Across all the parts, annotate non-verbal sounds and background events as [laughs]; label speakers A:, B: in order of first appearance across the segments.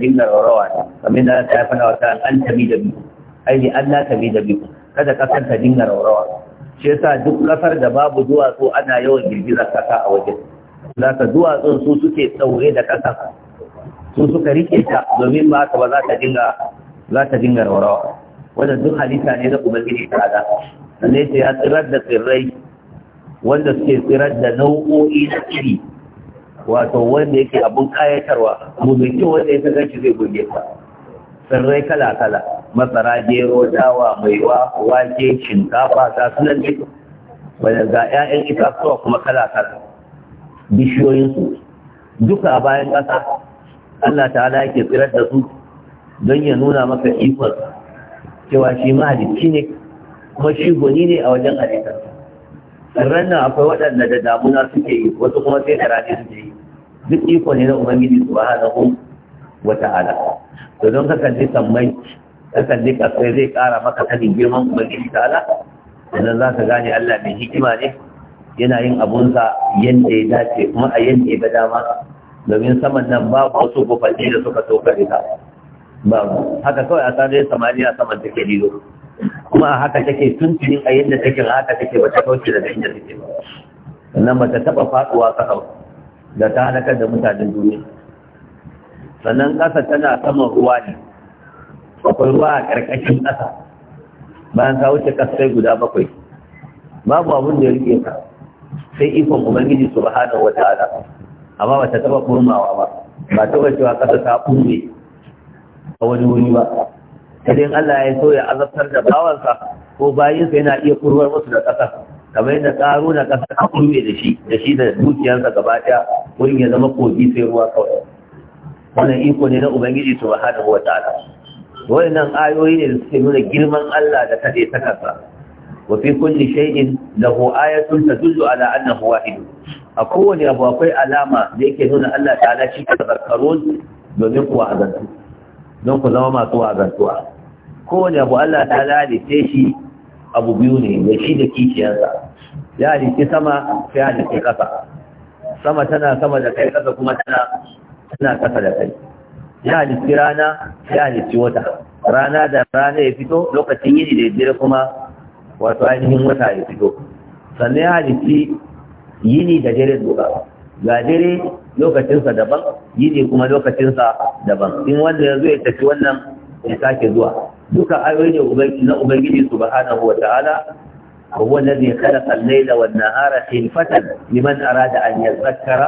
A: dinga rawa ta kamar da ta fada wata an tabi da biyu ai ne Allah tabi da bi. kada kasar ta dinga rawa shi yasa duk kasar da babu duwatsu ana yawan girgizar kasa a wajen za ka duwatsun su suke tsaure da kasa su suka rike ta domin ba ka ba za ta dinga za ta dinga rawa wanda duk halitta ne na ubangiji ta da sannan ya tsirar da tsirrai wanda suke tsirar da nau'o'i na iri wato wanda yake abin kayatarwa mu mai wanda ya ganci zai goge ka tsirrai kala kala masara gero dawa maiwa wake shinkafa ta sunan duk wanda ga 'ya'yan itatuwa kuma kala kala bishiyoyinsu duka a bayan ƙasa Allah ta'ala yake tsirar da su don ya nuna maka ikon cewa shi mahalicci ne kuma shi goni ne a wajen halittarsa ran nan akwai waɗanda da damuna suke yi wasu kuma sai da rani suke yi duk iko ne na ubangiji subhanahu wa ta'ala to don ka sammai ka kasai zai ƙara maka sanin girman ubangiji ta'ala sannan za ka gane Allah mai hikima ne yana yin abunsa yadda ya dace kuma a yadda ya ga dama domin saman nan ba wasu gufanni da suka so ka ba haka kawai a sadar samaniya saman take lilo kuma a haka take tuntunin a yadda take haka take wata kauce daga inda take ba sannan ba ta taɓa faɗuwa ƙasa da ta halakar da mutanen duniya sannan ƙasa tana saman ruwa ne akwai ruwa a ƙarƙashin ƙasa bayan ta wuce ƙasai guda bakwai babu abin da ya rike ka sai ikon ubangiji wata ala, amma ba ta taɓa kurmawa ba ba ta cewa ƙasa ta kurme a wani wuri ba idan Allah ya so ya azabtar da bawansa ko bayinsa yana iya kurwar musu da ƙasa kamar yadda ƙaro na ƙasa ta kurwe da shi da shi da dukiyarsa gaba ɗaya wurin ya zama kogi sai ruwa kawai wannan iko ne na ubangiji su subhanahu wa ta'ala wannan ayoyi ne da suke nuna girman Allah da kade ta kansa wa fi kulli shay'in lahu ayatun tadullu ala annahu wahid a kowane abu akwai alama da yake nuna Allah ta'ala shi ka zakarun domin kuwa azantu don ku zama masu wazantuwa kowane abu Allah ta lalace shi abu biyu ne da shi da kishiyarsa ya halittu sama sai halitti ƙasa sama tana sama da kai ƙasa kuma tana tana ƙasa da kai ya halittu rana ya halittu wata rana da rana ya fito lokacin yini da dare kuma wato ainihin wata ya fito sannan ya halittu yini da dare duka ga dare lokacinsa daban yini kuma lokacinsa daban in wanda ya zo ya tafi wannan ya sake zuwa duka ayoyi ne na ubangiji subhanahu wa ta'ala هو الذي خلق الليل والنهار خلفة لمن أراد أن يذكر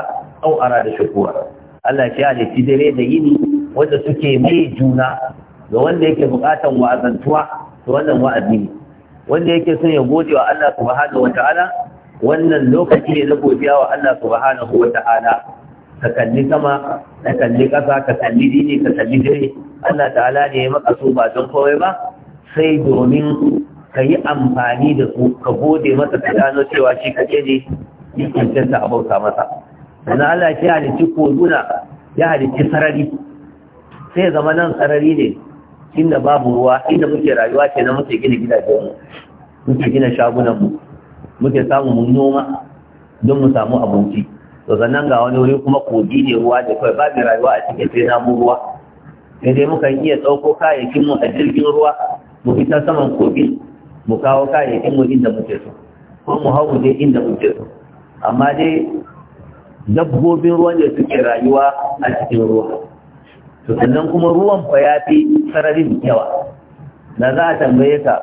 A: أو أراد شكورا Allah ya ne shi dare da yini wanda suke mai juna ga wanda yake bukatan wa'azantuwa to wannan wa'azi ne wanda yake son ya gode wa Allah subhanahu wataala wannan lokaci ne na godiya wa Allah subhanahu wa ta'ala ka kalli sama ka kalli ƙasa ka kalli dini ka kalli dare Allah ta'ala ne ya maka su ba don kawai ba sai domin ka yi amfani da su ka gode masa ka gano cewa shi ka ce ne ya cancanta ta abauta masa sannan Allah ya halicci kozuna ya halicci sarari sai zama nan sarari ne inda babu ruwa inda muke rayuwa ke na muke gina gidajenmu muke gina shagunanmu muke samu mun noma don mu samu abinci to sannan ga wani wuri kuma kogi ne ruwa da kawai ba mai rayuwa a cikin sai namu ruwa sai dai mukan iya ɗauko kayayyakin mu a jirgin ruwa mu fita saman kogi mu kawo kayayyakin mu inda muke so ko mu hau mu je inda muke so amma dai dabbobin ruwan da suke rayuwa a cikin ruwa to sannan kuma ruwan fa ya fi sararin yawa da za a tambaye ka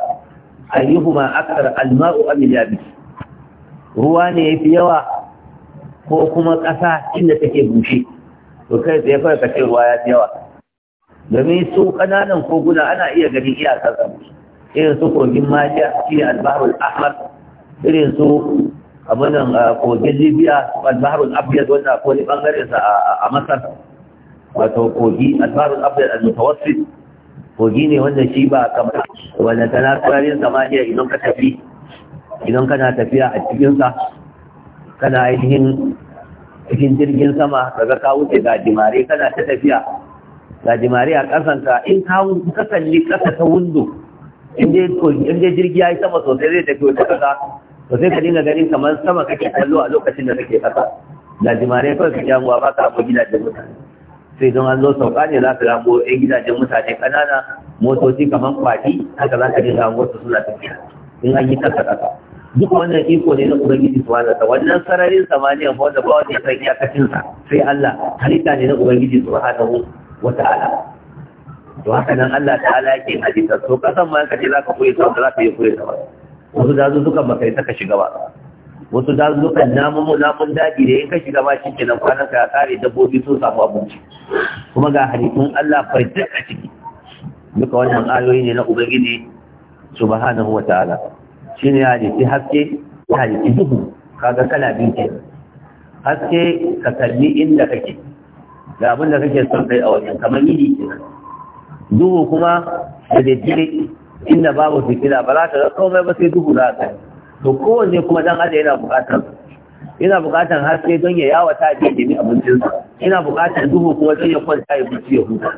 A: ayyuhuma akthar alma'u am al ruwa ne ya fi yawa ko kuma ƙasa inda take bushe to kai tsaye fara ka ce ruwa ya fi yawa domin su ƙananan koguna ana iya ganin iyakar su irin su kogin majiya shi ne albaharul ahmar irin su abunan kogin libya albaharul abiyar wanda ko ne bangaren sa a masar wato kogi albaharul abiyar al-mutawassit kogi ne wanda shi ba kamar wanda tana tsarin samaniya idan ka tafi idan kana tafiya a cikinsa kana ainihin cikin jirgin sama daga ka wuce jimare kana ta tafiya jimare a ƙasanka in ka kasalli ƙasa ta windo in dai jirgi ya yi sama sosai zai tafi wata ƙasa to sai ka dinga ganin kamar sama kake kallo a lokacin da kake ƙasa jimare kawai ka jamuwa ba ka abu gidajen mutane sai don an zo sauka ne za ka rabo yan gidajen mutane ƙanana motoci kamar kwaki haka za ka dinga hango su suna tafiya in an yi ƙasa ƙasa duk wannan iko ne na ubangiji subhanahu wa wannan sararin samaniya ko da ba wani sai ya kacin sa sai Allah halitta ne na ubangiji subhanahu wa ta'ala to haka nan Allah ta'ala yake hadisa to kasan ma kace zaka koyi sau za ka yi koyi sau wasu dazu suka baka yi ka shiga ba wasu dazu suka namu mu namun daji da in ka shiga ba shike nan kwanan ka kare dabbobi sun samu abinci kuma ga hadisin Allah farjin a ciki duka wannan ayoyi ne na ubangiji subhanahu wa ta'ala shi ne ya halitti haske ya halitti duhu kaga kana biyu ke haske ka kalli inda kake da abin da kake son kai a wajen kamar yi ke duhu kuma da daidai inda babu fitila ba za ka ga komai ba sai duhu za ka to kowanne kuma dan adam yana buƙatar yana bukatar haske don ya yawata da jini abincinsa yana bukatar duhu kuma sai ya kwanta ya hutu ya huta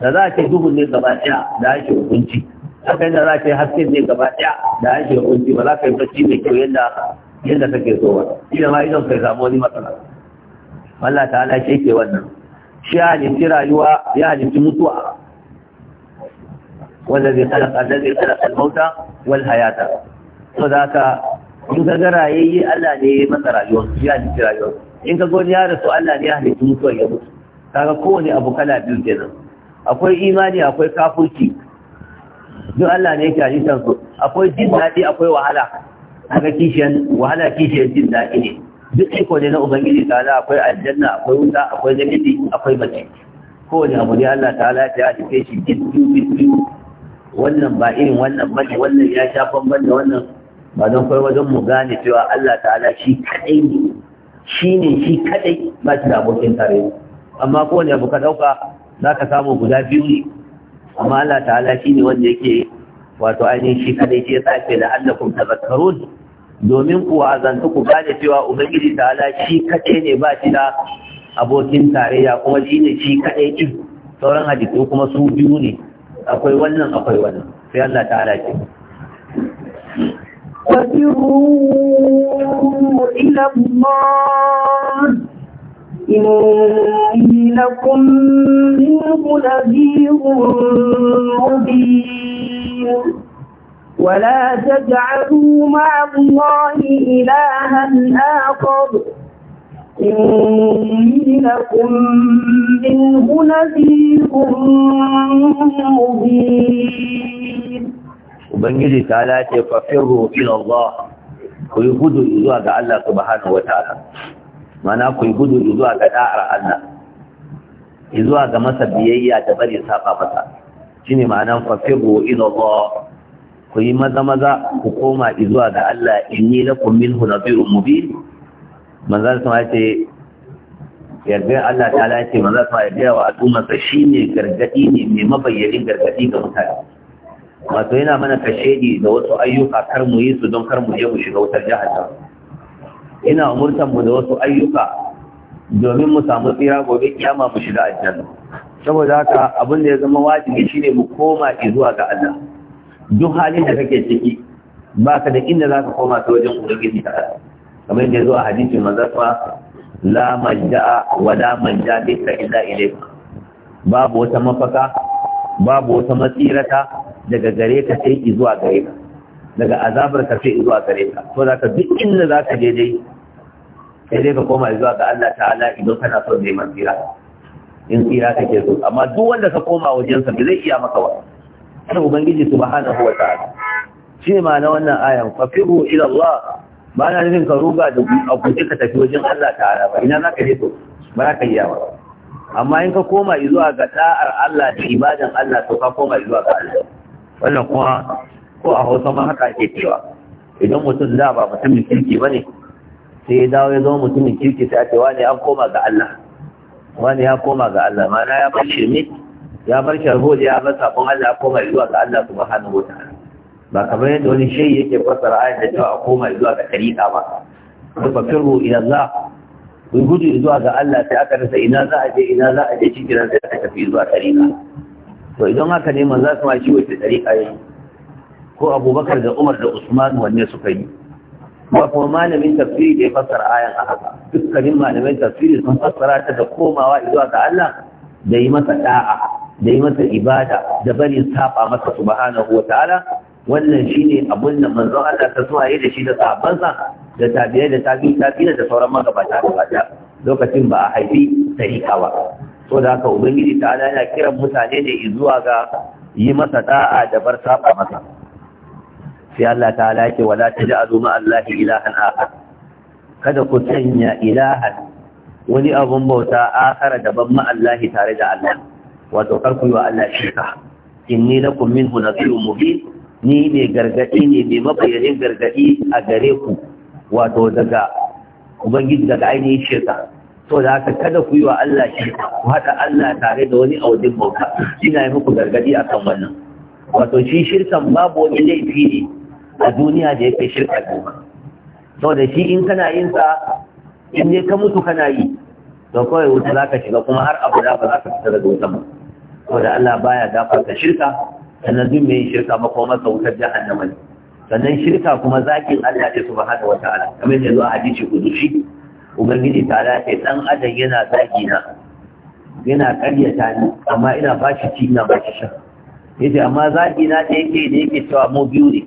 A: da za a ce duhu ne gaba ɗaya da ake hukunci haka yadda za ka yi haske ne gaba ɗaya da ake shiga ba za ka yi bacci mai kyau yadda yadda kake so ba ina ma idan kai samu wani matsala Allah ta ala ke wannan shi ya halitti rayuwa ya halitti mutuwa wanda zai halaka da zai halaka mauta wal hayata so da ka in ka ga rayayye Allah ne ya masa rayuwa ya halitti rayuwa in ka gani ya su Allah ne ya halitti mutuwa ya mutu kaga kowane abu kala biyu kenan akwai imani akwai kafirci don Allah ne yake a su akwai jin daɗi akwai wahala kaga kishiyan wahala kishiyan jin daɗi ne duk iko ne na ubangiji ta'ala akwai aljanna akwai wuta akwai namiji akwai mace kowane abu ne Allah ta ala ya cike shi biyu biyu wannan ba irin wannan bane wannan ya sha bamban da wannan ba don kai wajen mu gane cewa Allah ta'ala shi kadai ne shi ne shi kadai ba shi da abokin tare amma kowane abu ka dauka za ka samu guda biyu ne amma Allah ta'ala shi ne wanda yake wato ainihin shi kadai shi yasa ake la'allakum tazakkarun domin kuwa a zanta ku gane cewa ubangiji ta'ala shi kadai ne ba shi da abokin tarayya kuma shi ne shi kadai ɗin sauran hadisi kuma su biyu ne akwai wannan akwai wannan sai Allah ta'ala ce
B: وَفِرُّوا إِلَى اللَّهِ إني لكم منه نذير مبين ولا تجعلوا مع الله إلها آخر إني لكم منه نذير مبين
A: Ubangiji ta lace fafin roƙi Allah, ku yi gudu zuwa ga Allah subhanahu wa ta'ala. mana ku gudu zuwa ga da'ar Allah zuwa ga masa biyayya da bari saba masa shine ma'anan fafiru ila Allah ku yi maza maza ku koma zuwa ga Allah inni lakum minhu nadhirun mubin manzon sama yace yarda Allah ta yace manzon sama yarda wa al'umma shine gargadi ne mai mabayyanin gargadi ga mutane wato yana mana kashedi da wasu ayyuka kar mu yi su don kar mu je mu shiga wutar jahannama ina umurtan mu da wasu ayyuka domin mu samu tsira gobe kiyama mu shiga aljanna saboda haka abin da ya zama wajibi shine mu koma zuwa ga Allah duk halin da kake ciki baka da inda zaka koma ta wajen ubangiji ta kamar yadda zuwa hadisi hadisin la majda'a wa la manja bika illa babu wata mafaka babu wata matsirata daga gare ka sai zuwa gare ka daga azabar ka sai zuwa gare ka to zaka duk inda zaka je dai sai dai ka koma zuwa ga Allah ta'ala idan kana so neman tsira in tsira kake so amma duk wanda ka koma wajen ba zai iya maka wa sai ubangiji subhanahu wataala shi ma na wannan ayan fafiru ila Allah ba na nufin ka ruga da abuce ka tafi wajen Allah ta'ala ba ina zaka je to ba ka iya ba amma in ka koma zuwa ga da'ar Allah da ibadan Allah to ka koma zuwa ga Allah wannan kuma ko a hausa ma haka ake cewa idan mutum da ba mutumin kirki ba ne sai ya dawo ya zama mutumin kirki sai a ce wani ya koma ga Allah wani ya koma ga Allah mana ya bar shirme ya bar da ya bar sabon Allah ya koma zuwa ga Allah subhanahu wata ba kamar yadda wani shayi yake fassara ayat da cewa a koma zuwa ga tarika ba ku fakiru ila Allah ku gudu zuwa ga Allah sai aka rasa ina za a je ina za a je cikin sai aka tafi zuwa tarika to idan haka ne su ma shi wace tarika yayi ko abubakar da umar da usman wanne suka yi ba kuma malamin tafsiri da ya fassara ayan a haka dukkanin malamin tafsiri sun fassara ta da komawa zuwa ga Allah da yi masa da'a da yi masa ibada da bari saba masa subhanahu wa ta'ala wannan shine abun da manzon Allah ta so da shi da sabansa da tabi'ai da tabi'i tabi'i da sauran magabata da lokacin ba a haifi tarika ba so da haka ubangiji ta ana yana kiran mutane da zuwa ga yi masa da'a da bar saba masa sai Allah ta'ala yake wala taj'alu ma Allahi ilahan akhar kada ku sanya ilahan wani abun bauta akhara daban ma Allahi tare da Allah wato kar ku yi wa Allah shirka inni lakum minhu nadhirun mubin ni ne gargadi ne mai mabayanin gargadi a gare ku wato daga ubangiji daga ainihin shirka to da haka kada ku yi wa Allah shi ku haɗa Allah tare da wani audin bauta ina yi muku gargadi akan wannan wato shi shirkan babu wani laifi ne a duniya da ya kai shirka goma saboda shi in kana yin sa in ne ka mutu kana yi to kawai wuta za ka shiga kuma har abu da ba za ka fita daga wuta ba saboda Allah baya ka shirka sannan duk mai shirka ba kuma masa wutar jahannama ne sannan shirka kuma zakin Allah ce subhanahu wataala kamar yadda zuwa hadisi kudushi ubangiji ta ala ce dan adam yana zaki na yana karyata ni amma ina shi ci ina shi sha yace amma zaki na da yake da yake cewa mu biyu ne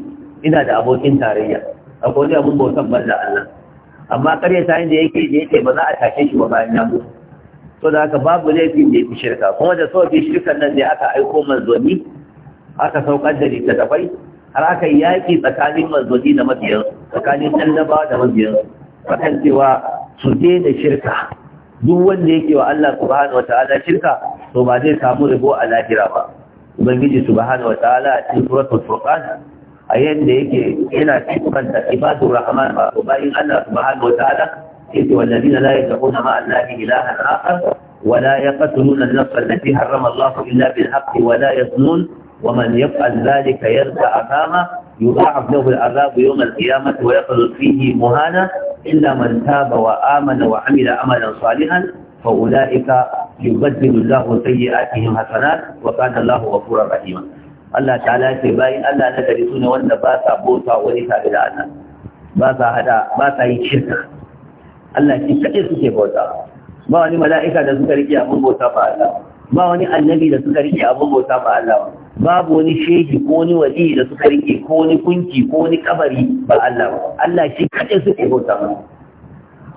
A: ina da abokin tarayya akwai wani abun bautan da Allah amma karya ta yin da yake da yake ba za a tashe shi ba bayan ya so da haka babu laifin da ya fi shirka kuma da fi shirkan nan da aka aiko manzoni aka saukar da littattafai har aka yi yaƙi tsakanin manzoni da mabiyan tsakanin annaba da mabiyan akan cewa su daina shirka duk wanda yake wa Allah subhanahu wataala shirka to ba zai samu rabo a lahira ba ubangiji subhanahu wataala a cikin suratul furqan a yadda yake yana siffanta ibadur rahman ba to bayan Allah subhanahu wataala yake wallazina la yad'una ma allahi ilahan akhar wa la yaqtuluna an-nafs allati harrama Allah illa bil haqqi wa la yaznun wa man yaf'al dhalika yarda akama يضاعف له العذاب يوم القيامة ويخلد فيه مهانا إلا من تاب وآمن وعمل عملا صالحا فأولئك يبدل الله سيئاتهم حسنات وكان الله غفورا rahima Allah ta'ala ce bayan Allah na gari su ne wanda ba sa bota wani tare da Allah ba sa hada ba sa yi shirka Allah shi kaɗai suke bota. ba wani mala'ika da suka rike abin bota ba Allah ba wani annabi da suka rike abin bota ba Allah babu wani shehi ko wani wali da suka rike ko wani kunki ko wani kabari ba Allah Allah shi kaɗai suke bota. ba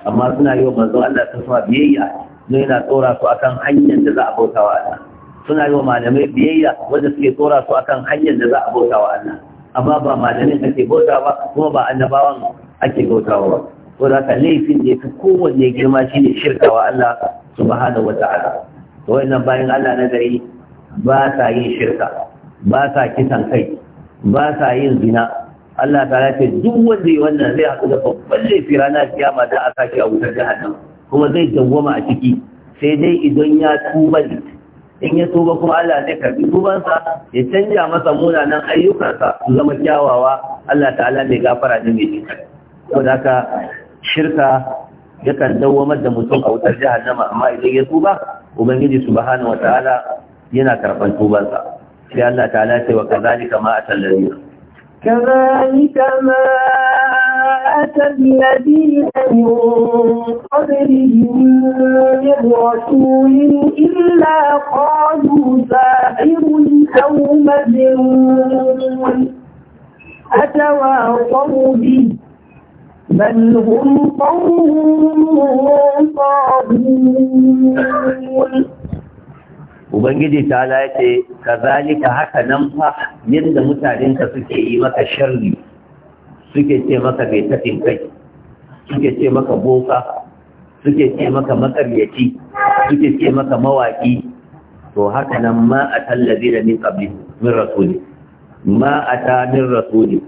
A: amma suna yi wa manzon Allah ta sama biyayya don yana tsora su akan hanyar da za a bauta wa Allah suna yi wa malamai biyayya wanda suke tsora su akan hanyar da za a bauta wa Allah amma ba malamin ake bauta ba kuma ba annabawan ake bauta ba ko da ka laifin da yake kowanne girma shine shirka wa Allah subhanahu wa ta'ala to wannan bayan Allah na gari ba sa yin shirka ba sa kisan kai ba sa yin zina Allah ta ce duk wanda yi wannan zai haɗu da babban laifi ranar kiyama da aka shi a wutar jahannam kuma zai dawwama a ciki sai dai idan ya tuba in ya tuba kuma Allah zai karbi tubansa ya canja masa munanan ayyukansa su zama kyawawa Allah ta'ala mai gafara ne mai ko da haka shirka yakan dawwamar da mutum a wutar jihar nama. amma idan ya tuba ubangiji subhanahu ta'ala yana karɓar tubansa sai Allah ta'ala ya ce wa a ma atallazina
B: كذلك ما أتى الذين من قبلهم من رسول إلا قالوا ساحر أو مجنون أتواصوا به بل هم قوم طاغون
A: ubangiji ta lace ka zalika haka nan fa yadda mutanenka suke yi maka sharri suke ce maka mai tafin kai suke ce maka boka suke ce maka makaryaci suke ce maka mawaƙi, to haka nan ma a tallabi da min qabli min rasuli ma a ta min rasuli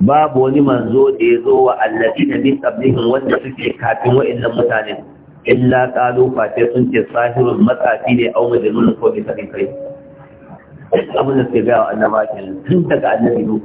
A: babu wani manzo da ya zo wa allafi da min qablihim wanda suke kafin nan mutanen illa qalu fa sun ce sahirun matsafi ne au majnun ko bi sai kai
B: abin da sai ga annabawa kenan tun daga annabi ne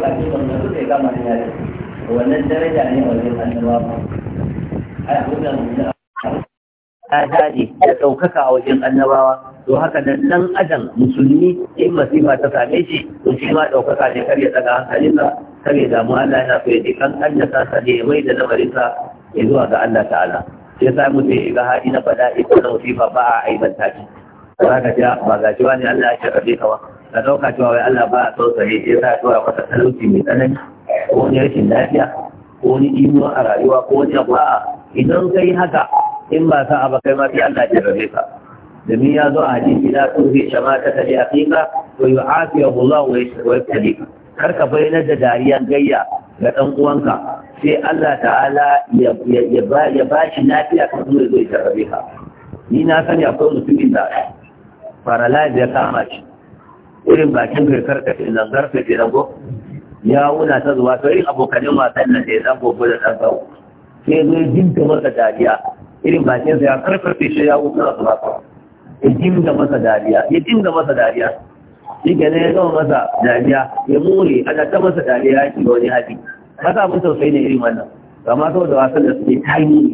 B: kafin wannan duka ya ya da wannan daraja ne a wajen annabawa ba
A: ai ya dace ya ɗaukaka a wajen annabawa to haka nan ɗan adam musulmi in masifa ta same shi to shi ma ɗaukaka ne kar ya tsaka hankalinsa kar ya damu Allah yana so ya ji kan sa ne mai da lamarinsa ya zuwa ga Allah ta'ala sai sa mu sai ga hadi na bala'i ko na musifa ba a aibanta shi ba ga ba ga ne Allah ya shirya ka ba ka ɗauka cewa wai Allah ba a tausaye sai sa tura masa talauci mai tsanani ko wani rashin lafiya ko wani imuwa a rayuwa ko wani abu a'a idan kai haka in ba sa ba kai ma sai Allah ya rabe ka domin ya zo a hadisi la tuhi shama ta li aqiqa wa yu'afiyahu Allah wa yabtalika kar ka bayyana da dariyan gayya ga dan uwanka sai Allah ta'ala ya ba shi lafiya ka zo ya rabe ka ni na sani akwai mutumin da paralyze ya kama shi irin bakin kirkar ka nan zangar ka ce rago ya wuna ta zuwa to irin abokanin wasan nan da ya zan gobe da ɗan gawo sai zo jin ta masa dariya irin bakin sa ya karfafe shi ya wuce ta zuwa ya jin da masa dariya ya jin da masa dariya shi ke ya zama masa dariya ya more ana ta masa dariya ya da wani haɗi haka abin sosai ne irin wannan amma saboda wasan da suke tani ne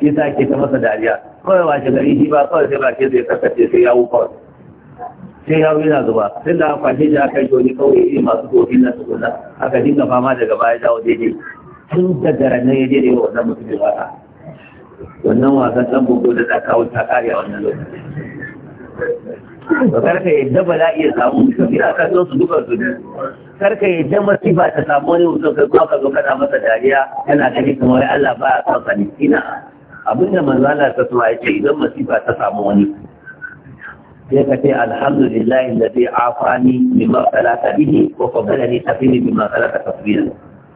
A: shi sa ke ta masa dariya kawai wace gari shi ba kawai sai bakin sa ya karkace sai ya wuce sai yawo yana zuba tun da kwashe shi aka yi wani kawai iri masu gobe na tukuna aka dinga fama daga baya dawo daidai tun da daren ya daidai wa wannan mutumin wasa wannan wasan dan bugu da ta kawo ta kare a wannan lokacin karka yadda ba za iya samu mutum a kan zo su duka su karka yadda masifa ta samu wani mutum kai kuma ka zo kana masa dariya yana gani kamar Allah ba a son sani ina abinda manzana ta so ya ce idan masifa ta samu wani sai ka ce da zai afani mimma salata bihi wa faddalani tafini mimma salata tafsira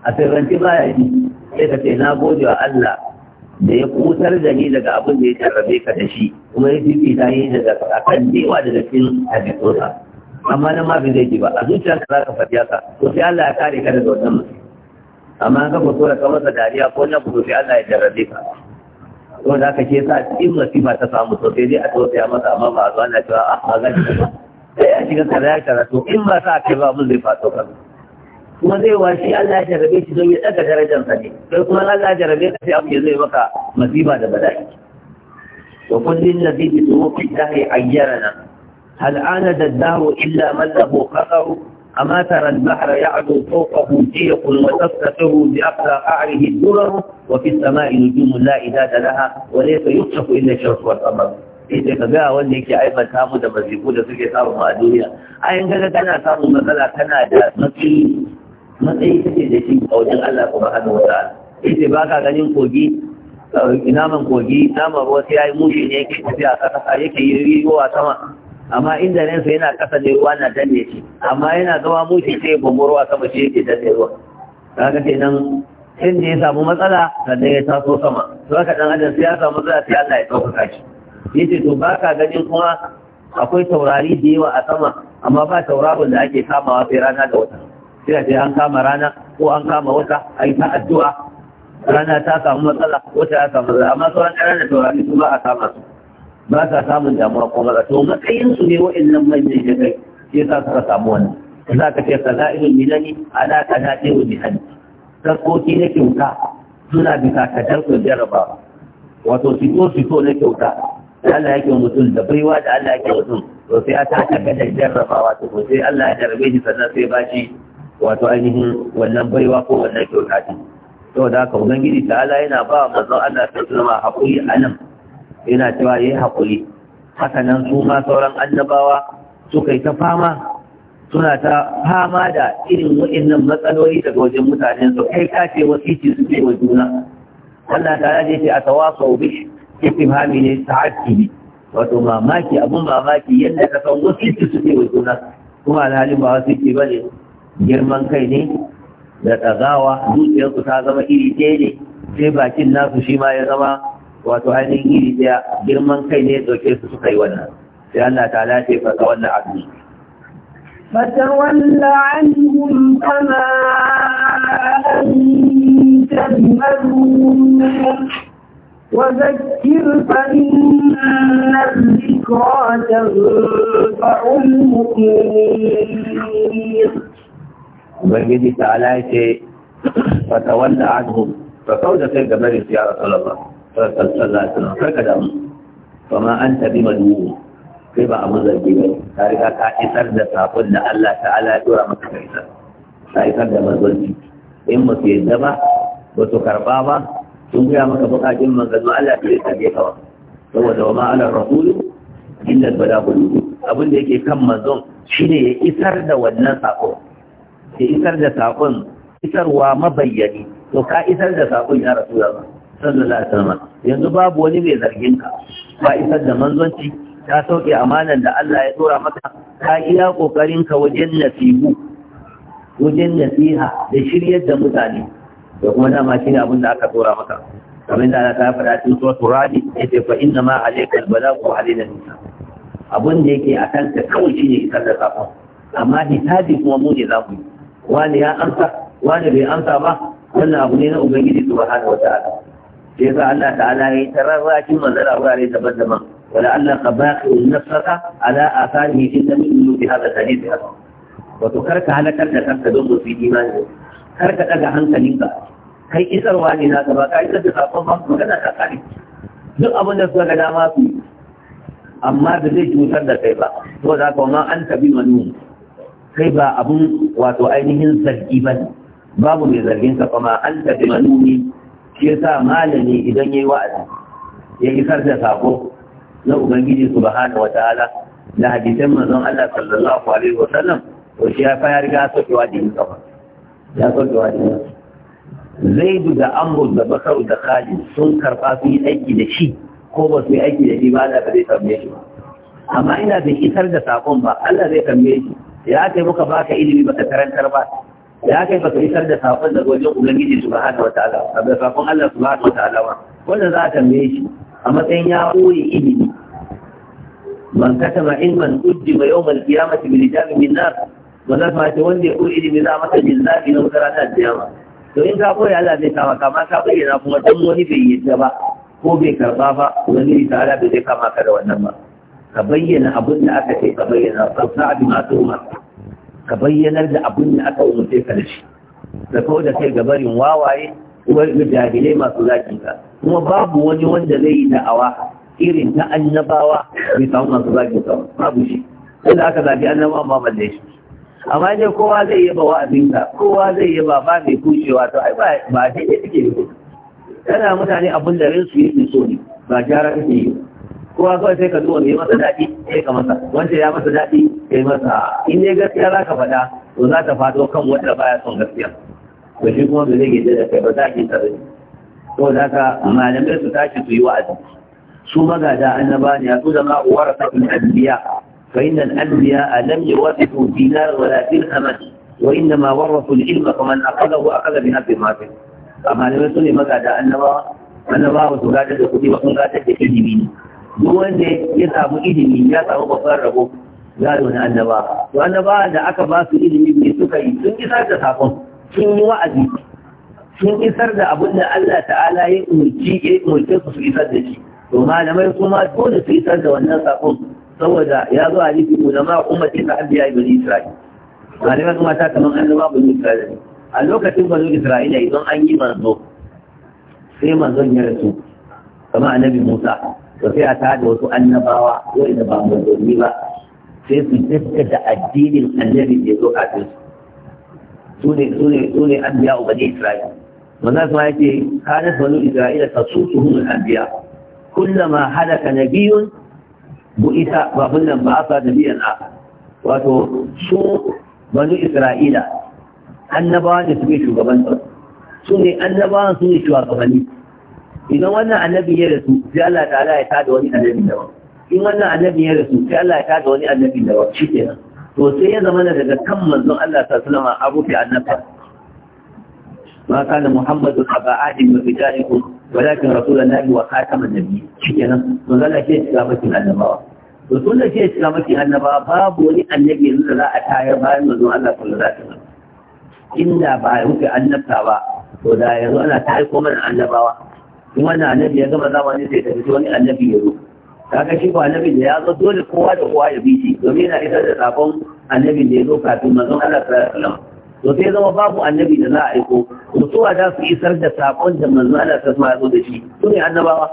A: a sirrance baya ji sai ka ce na gode wa Allah da ya kutar da ni daga abin da ya tarrabe ka da shi kuma ya fifita ni daga akan dewa daga cikin hadisosa amma na ma zai ji ba a zuciyarka za ka faɗi haka to sai Allah ya kare ka daga wannan mutum amma ka fito da kamar sa dariya ko na fito sai Allah ya jarrabe ka wanda aka ce sa in masifa ta samu to sai dai a tausaya masa amma ba a zo na cewa ah, a ga shi sai ya shiga kaza ya kaza to in ba sa kai ba mun zai fato ka. kuma zai wa shi Allah ya jarabe shi don ya daga darajar sa ne sai kuma Allah ya jarabe ka sai abu ya zai maka masiba da bala'i wa kullin ladhi bi tuwfi dahi ayyarana hal ana daddaru illa man lahu أما ترى البحر يعدو فوقه جيق وتفتحه بأقصى قعره الدرر وفي السماء نجوم لا إداد لها وليس يكشف إلا الشمس والقمر ita ka ga wanda yake aibata mu da masifu da suke samu a duniya ayin gada kana samun matsala tana da matsayi matsayi kake da shi a wajen Allah subhanahu wa ta'ala ita ba ganin kogi naman kogi naman ruwa sai yayi mushi ne yake tafiya a kasa yake yi ruwa sama amma inda su yana ƙasa ne ruwa na danne shi amma yana zama mushi sai bambo ruwa sama shi yake danne ruwa kaga kenan da ya samu matsala sannan ya taso sama to haka dan adam sai ya samu matsala sai Allah ya ɗaukaka shi yace to baka ganin kuma akwai taurari da yawa a sama amma ba tauraron da ake kamawa sai rana da wata sai a an kama rana ko an kama wata a yi ta addu'a rana ta samu matsala wata ya samu matsala amma sauran da taurari su ba a kama su ba sa samun damuwa ko maza to matsayin su ne wa'annan manyan da kai sai sa suka samu wannan za ka ce kaza'ilul milani ala ka kaza'ilul milani sarkoki na kyauta suna bisa ka su jaraba. wato fito fito na kyauta da Allah yake mutum da baiwa da Allah yake mutum to sai a ta kadar jarrabawa to sai Allah ya jarrabe shi sannan sai ba shi wato ainihin wannan baiwa ko wannan kyauta ce saboda haka ubangiji ta Allah yana ba manzon Allah ta zama hakuri a nan yana cewa yayi hakuri haka nan su ma sauran annabawa suka yi ta fama suna ta fama da irin waɗannan matsaloli daga wajen mutanen su kai ka ce wasiki su ce wa juna Allah ta yaje ce a tawasau bi istifhami ne ta'akki wato mamaki abun mamaki yadda ka san wasiki su ce wa juna kuma alhalin ba wasiki bane girman kai ne da tsagawa zuciyarsu ta zama iri ɗaya ne sai bakin nasu shi ma ya zama wato ainihin iri daya girman kai ne dauke su suka yi wannan sai Allah ta lafe fasa wannan abu
B: فتول عنهم فما أنت بملوم وذكر فإن الذكرى تنفع المؤمنين
A: وبنجد تعالى فتولى عنهم فكوزة كبرت يا رسول الله karka da mu kuma an tabi maduwa sai ba a zargi ba ta riga ka isar da safon da Allah ta'ala ya dora maka ka isar ka isar da manzanci in ba su yadda ba ba su karba ba sun gaya maka bukatun manzanni Allah ta yi tage ka ba saboda wa ma'alar rasulu illa balagul abin da yake kan manzon shine ya isar da wannan sako ya isar da sakon isarwa mabayyani to ka isar da sakon ya rasu da sallallahu alaihi wasallam yanzu babu wani mai zargin ka ba isar da manzonci Ta sauke amanan da Allah ya dora maka ka iya kokarin ka wajen nasihu wajen nasiha da shiryar da mutane da kuma dama shine abin da aka dora maka kamar da Allah ta faɗa cikin suratul rad yace fa inna ma alaikal balagu alaina nisa abin da yake akan ka kawai shine isar da sakon amma hisabi kuma mu ne za mu yi wani ya amsa wani bai amsa ba wannan abu ne na ubangiji subhanahu wa ta'ala sai ga Allah ta'ala ya yi tararraki manzara wurare daban-daban wala Allah ka baki nafsaka ala asani in lam yu'minu bi hadha hadith wato kar ka halakar da kanka don musu imani kar ka daga hankalinka kai isarwa ne na gaba ka isar da sakon ba magana ta kare duk abin da suka ga dama su amma da zai cutar da kai ba to za an tabi kai ba abun wato ainihin zargi ba babu mai zargin kuma an tabi shi yasa malami idan ya yi wa'azi ya isar da sako na ubangiji su ba hana wata ala? da hadisan manzon Allah sallallahu alaihi wasallam to shi ya fa ya riga sokewa da yin kafa ya sokewa da yin Zaidu da Amr da Bakar da Khalid sun karfa su yi aiki da shi ko ba su yi aiki da shi ba da ba zai tambaye shi ba amma ina bai isar da sakon ba Allah zai tambaye shi ya kai muka baka ilimi baka karantar ba da aka yi baka isar da saƙon daga wajen ubangiji subhanahu wa ta'ala abin saƙon Allah subhanahu wa ta'ala ba wanda za a tambaye shi a matsayin ya ɓoye ilimi man katama yau ujjima yawmal qiyamati bil hijabi min nar za su ce wanda ya ɓoye ilimi za a masa jinnabi na wutar ranar yawa. to in ka ɓoye Allah zai kama kama ka bayyana kuma dan wani bai yi ta ba ko bai karɓa ba ubangiji ta'ala bai zai kama ka da wannan ba ka bayyana abin da aka ce ka bayyana tsafta abin masu umar ka bayyanar da abin da aka umarce ka da shi da kawo da kai gabarin wawaye wani jahilai masu zaki ka kuma babu wani wanda zai yi da'awa irin ta annabawa bai samu masu zaki ka babu shi sai aka zafi annabawa ma ban da shi amma dai kowa zai yaba abin ka kowa zai yaba ba mai kushewa to ai ba ba dai da kike yi kana mutane abin da su yi so ne ba gyara take yi kowa kawai sai ka duba mai masa daɗi sai ka masa wanda ya masa daɗi sai masa in ne gaskiya za ka faɗa to za ta faɗo kan wanda baya son gaskiya to shi kuma ba zai gida da kai ba za ki tsare to da haka malamai su tashi su yi wa'azi su magada annaba ne a su zama warasatul anbiya fa innal anbiya lam yuwasifu dinar wala dirhaman وإنما ورثوا العلم فمن أخذه أخذ بنفس ما فيه Annabawa لم يكن da قال أنما sun وسجادة da وسجادة ne. duk wanda ya samu ilimi ya samu babban rabo gado na annaba to annaba da aka ba su ilimi ne suka yi sun isar da sakon sun yi wa'azi sun isar da abin da Allah ta'ala ya umurci ya umurce su su isar da shi to malamai kuma dole su isar da wannan sakon saboda ya zo a nufi ulama ummatin da yi ibn isra'il malamai kuma ta kaman annaba bin isra'il a lokacin Isra'il isra'ila idan an yi manzo sai manzon ya rasu kamar annabi musa Tafiya ta a tada wasu annabawa wanda ba manzanni ba sai su gaskata addinin annabi da zo kafin su ne su ne su ne anbiya ubani isra'ila manzo sai ya ce kana banu isra'ila tasusuhum al-anbiya kullama halaka nabiyyun bu'ita wa kullama ba'atha biyan a. wato su banu isra'ila annabawa ne su ne shugaban su ne annabawan su ne shugabanni idan wannan annabi ya rasu sai Allah ta'ala ya tada wani annabi da in wannan annabi ya rasu sai Allah ya tada wani annabi da wani shikenan to sai ya zama daga kan manzon Allah sallallahu alaihi wasallam abu fi annabi ma kana muhammadu aba ahadin min rijalikum walakin rasulullahi wa khataman nabiy shikenan manzon Allah ke shiga makin annabawa to tun da ke shiga makin annabawa babu wani annabi da za a tayar bayan manzon Allah sallallahu alaihi wasallam inda ba ya wuce annabta ba to da yanzu ana ta aiko mana annabawa wani annabi ya gama zamani sai ta fito wani annabi ya zo kaga shi ko annabi da ya zo dole kowa da kowa ya bishi domin yana isar da sakon annabi da ya zo kafin manzon Allah sallallahu alaihi wasallam to sai zama babu annabi da za a aiko su a su isar da sakon da manzon Allah sallallahu alaihi wasallam ya zo da shi su ne annabawa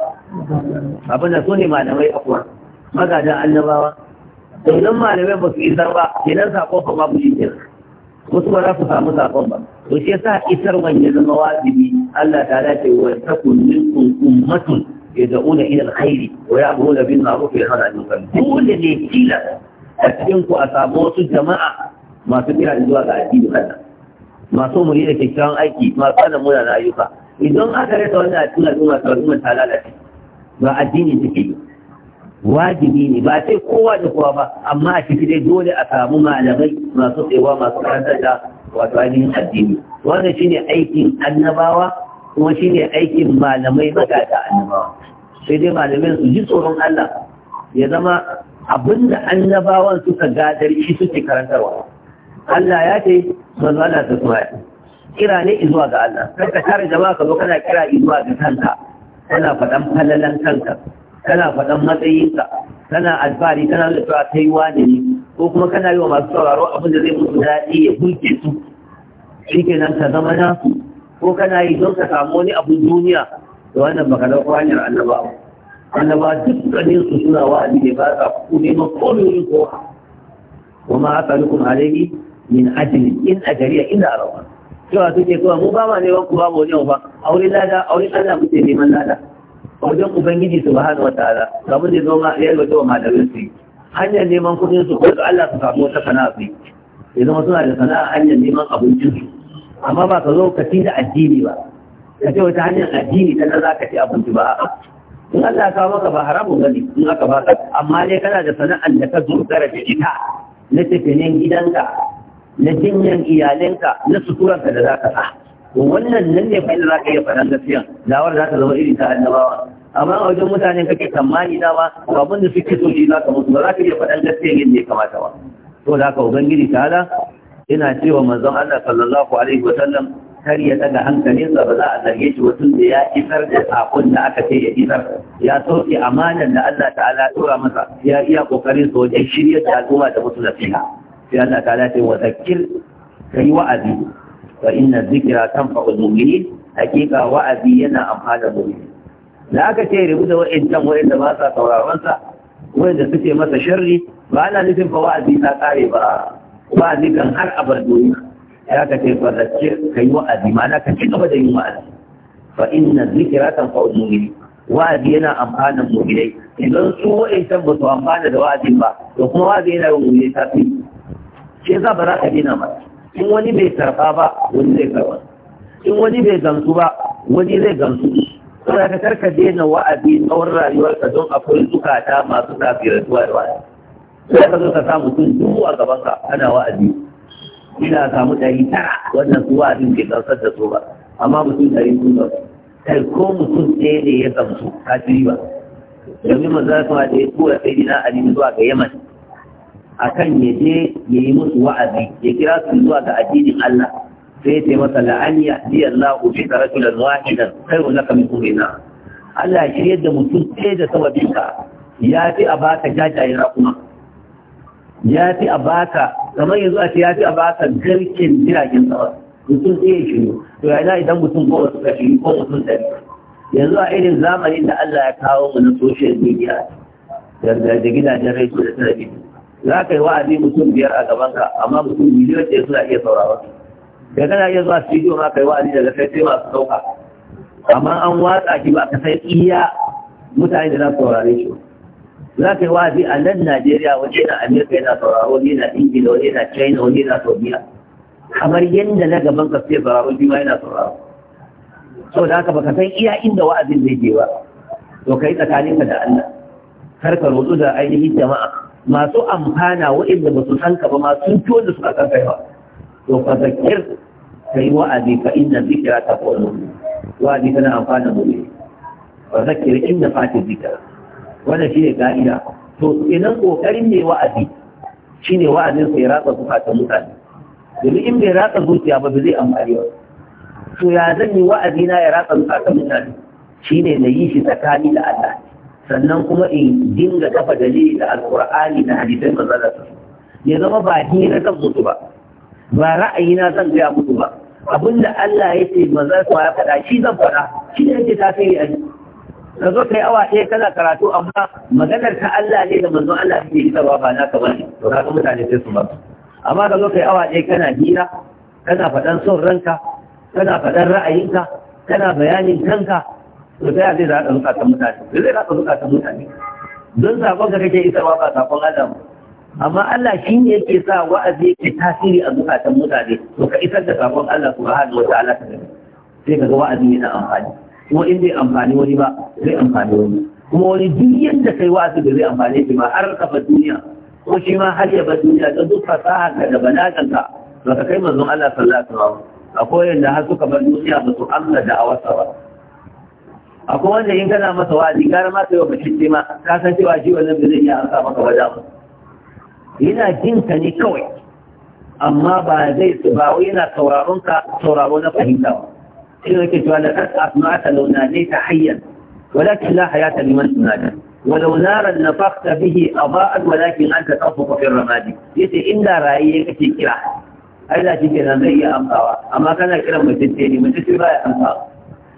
A: abin da su ne malamai akwai magadan annabawa to idan malamai ba su isar ba kenan sakon ba babu shi kenan wasu ba za su samu sakon ba to shi yasa isar ya zama wajibi Allah ta dace wa takun minkum ummatun yad'una ila alkhairi wa ya'muruna bil ma'ruf wa yanhauna 'anil munkar dole ne kila a cikin ku a samu wasu jama'a masu kira zuwa ga addini Allah masu muri da kyakkyawan aiki masu hana muna na ayyuka idan aka rasa wannan a cikin al'umma al'umma ta lalace ba addini take yi wajibi ne ba sai kowa da kowa ba amma a ciki dai dole a samu malamai masu tsayuwa masu karantar da wato ainihin addini wannan shine aikin annabawa kuma shine aikin malamai magada annabawa sai dai malamai su ji tsoron Allah ya zama abinda annabawan suka gadar shi suke karantarwa Allah ya ce manzo Allah ta kuma kira ne zuwa ga Allah kanka tare jama'a ka zo kana kira zuwa ga kanka kana faɗan falalan kanka kana faɗan matsayinsa kana alfahari kana da cewa kai wani ne ko kuma kana yi wa masu sauraro abin da zai musu daɗi ya bulke su shi nan ka zama na? ko kana yi don ka samu wani abin duniya da wannan baka dauko hanyar annabawa annaba dukkanin su suna wa'azi ne ba sa ku neman komai kowa. wa ma asalukum alayhi min ajli in ajriya in da Allah cewa suke kawai mu ba ma neman ku ba mu ba aure lada aure Allah muke neman lada wajen ubangiji subhanahu wataala kamar da zo ma ya yalwata wa malamin su hanyar neman kudin su ko Allah su samu wata sana'a su ya zama suna da sana'a hanyar neman abincin su amma ba ka zo ka ci da addini ba ka ce wata hanyar addini ta na za ka ci abinci ba in Allah ka maka ba haramun gani in aka ba amma dai kana da sana'ar da ka zurgara da ita na tafiyan gidanka na jinyan iyalinka na suturanka da za ka sa wannan nan ne fa'ida za ka iya faɗan gaskiya Lawar za ta zama iri ta annabawa amma a wajen mutane kake tsammani dama to abin da suke so shi za ka mutu ba za ka iya faɗan gaskiya yadda ya kamata ba to da haka ubangiji ta'ala yana cewa manzon Allah sallallahu alaihi wa sallam kar ya daga hankalinsa ba za a zarge shi wasu da ya isar da sakon da aka ce ya isar ya sauke amanan da Allah ta'ala ya tura masa ya iya kokarin sa wajen shirya da al'umma da musu fiha sai Allah ta'ala ce wa zakir kai wa'azi fa inna zikira tanfa'u mu'minin hakika wa'azi yana amfana mu'mini da aka ce rubu da wa'ancan wa'anda ba sa sauraron sa da suke masa sharri ba ana nufin fa wa'azi ta kare ba wa'azi kan har abar duniya ya ka ce fa zace kai wa'azi ma'ana ka ci gaba da yin wa'azi fa inna zikira tanfa'u mu'minin wa'azi yana amfana mu'minai idan su wa'ancan ba su amfana da wa'azi ba to kuma wa'azi yana yin ta tafi shi za ba za ka dina mata in wani bai karfa ba wani zai karfa in wani bai gamsu ba wani zai gamsu kuma ka karka daina wa'azi tsawon rayuwarka don akwai zukata masu zuwa da wa'azi sai ka zo ka samu mutum dubu a gabanka ana wa'azi ina samu ɗari tara wannan su wa'azin ke gamsar da su ba amma mutum ɗari sun ba. kai ko mutum ɗaya ne ya gamsu kafiri ba domin manzara kuma da ya tura sai dina alimin zuwa ga yaman akan ya je ya yi musu wa'azi ya kira su zuwa ga addinin Allah sai ce masa la'ani ya ji Allah ku fi ka rajulan wahidan khairu laka min umrina Allah ya shirya da mutum sai da sababin ka ya fi a baka jajayen rakuma ya fi a baka kamar yanzu a ce ya fi a baka garkin jiragen sama mutum sai ya shiru to yana idan mutum ko wasu ka ko mutum ɗari yanzu a irin zamanin da Allah ya kawo mu na social media da gidajen rediyo da talabijin za ka yi wa'azi mutum biyar a gabanka amma mutum biyar ce suna iya sauraron da kana iya zuwa studio ma ka yi wa'azi daga kai sai masu sauka. amma an watsa ki ba ka san iya mutane da za su saurare shi za ka yi wa'azi a nan Najeriya wani yana Amerika yana sauraro wani yana Ingila wani yana China wani yana Saudiya kamar yadda na gaban ka sai sauraro shi ma yana sauraro saboda haka baka san iya inda wa'azin zai je ba to kai tsakaninka da Allah kar ka rutsu da ainihin jama'a masu amfana waɗanda ba su san ka ba masu to da suka san kaiwa to ka zakir yi wa'azi ka inna zikira ta qulu wa'azi tana amfana mu ne fa zakir inna fati zikra wannan shine ga'ida. to idan kokarin mai wa'azi shine wa'azin sai ratsa zukatan mutane domin in bai ratsa zuciya ba ba zai amfani ba to ya zan yi wa'azi na ya ratsa zukatan mutane shine na yi shi tsakani da Allah sannan kuma in dinga kafa dalili da alkur'ani da hadisan manzala su ya zama ba ni na kan mutu ba ba ra'ayi na zan gaya mutu ba abinda Allah ya ce manzala ta ya faɗa shi zan faɗa shi ne yake kai a ka zo kai awa ɗaya kana karatu amma maganar ta Allah ne da manzon Allah ke yi ba ba naka bane to kaga mutane sai su ba amma ka zo kai awa ɗaya kana hira kana faɗan son ranka kana faɗan ra'ayinka kana bayanin kanka to ta zai da zukatan mutane zai da zukatan mutane don sakon ka kake isarwa ba sakon Allah amma Allah shi ne yake sa wa'azi yake tasiri a zukatan mutane to ka isar da sabon Allah subhanahu wataala ta gani sai ka ga wa'azi yana amfani kuma in bai amfani wani ba zai amfani wani kuma wani duk yadda kai wa'azi da zai amfani shi ba har kafa duniya ko shi ma har ya bar duniya da duk fasaha ka da ka ba ka kai manzon Allah sallallahu alaihi wasallam akwai yanda har suka bar duniya ba su amsa da awasa ba akwai wanda in kana masa wa'azi gara ma sai wa mace ma ka san cewa shi wannan ba zai iya amsa maka ba yana jin ka ne kawai amma ba zai ba wai yana sauraron ka sauraro na fahimta ba shi ne yake cewa laqad asma'ata launa ne ta hayyan walakin la hayata liman tunada ولو نارا نفخت به أضاءت ولكن أنت تنفخ في الرماد يتي إن رأيي كتي كرا أي لا تجي نبي أمطاوة أما كان كرا متتيني متتيني أمطاوة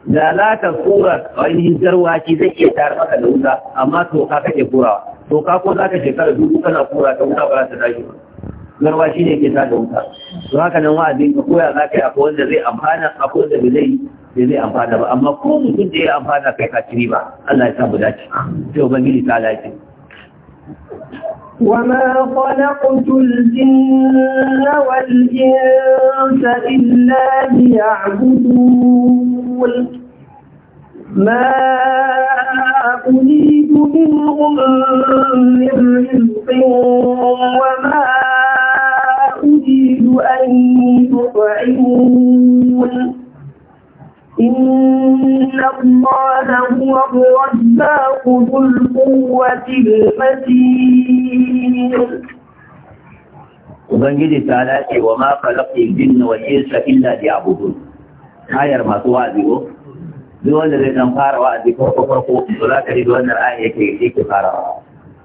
A: da za ka kura wani ki zai iya tare maka da wuta amma toka kake kurawa toka ko za ka shekara dubu kana kura ta wuta ba za ta tashi ba shi ne ke tada wuta to haka nan wa'azin ka koya za ka yi akwai wanda zai amfana akwai wanda bai zai da zai amfana ba amma ko mutum da ya amfana kai ka ciri ba Allah ya sa mu dace sai ubangiji ta lafi
B: وما خلقت الجن والإنس إلا ليعبدون يقول ما أريد منهم من رزق وما أريد أن يطعمون إن الله هو الرزاق ذو القوة المتين
A: Ubangiji ta lace wa ma khalaqtul jinna wal ayar masu wa'azi ko duk wanda zai dan fara wa'azi farko farko to za ka riga wannan ayi yake yake fara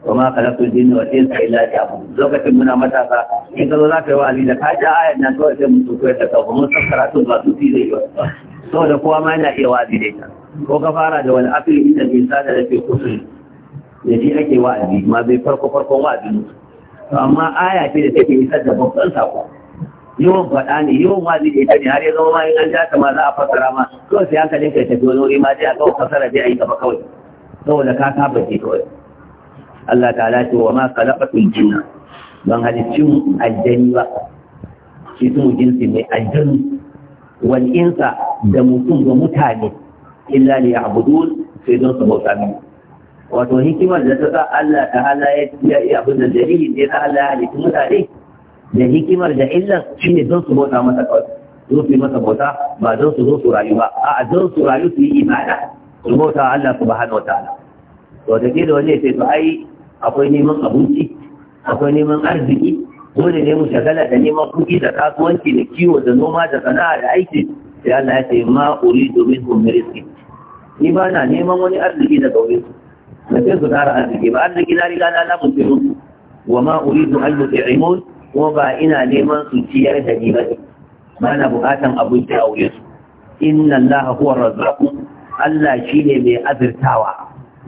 A: kuma ma kalatu jin wa sai illa ta abu lokacin muna matasa in ka zo za ka yi wa'azi da ka ji ayar nan kawai sai mutum ko ta kawo mun san tun ba su fi zai yi saboda kowa ma yana iya wa'azi dai ka ko ka fara da wani afil inda bai sada da ke kusuri da shi ake wa'azi ma bai farko farko wa'azi mutu amma aya ce da take isar da babban sako yawan faɗa ne yawan wazi da ita ne har ya zama ma in an ja ta ma za a fassara ma kawai sai hankalin kai tafi wani wuri ma dai a kawai fassara dai a yi gaba kawai saboda ka saba ce kawai Allah ta'ala ce wa ma khalaqatul jinna ban halicci aljani ba shi sun jinsi mai aljani wal insa da mutum da mutane illa li ya'budun sai don su bauta min. wato hikimar da ta sa Allah ta'ala ya abin da dalilin da ya sa Allah ya halicci mutane da hikimar da illar shine don su bauta masa kawai su fi masa bauta ba don su zo su rayu ba a'a don su rayu su yi imana. su bauta Allah subhanahu wataala to da ke da wani sai to ai akwai neman abinci akwai neman arziki dole ne mu shagala da neman kuɗi da kasuwanci da kiwo da noma da sana'a da aiki sai Allah ya ce ma uridu minhum rizqi ni ba na neman wani arziki daga wurin su na sai su tara arziki ba arziki na riga na lamun wa ma uridu an yuti'imun ko ba ina neman su ciyar da ni ba ba na bukatan abinci a wurin su inna Allah huwa razzaqu Allah shine mai azirtawa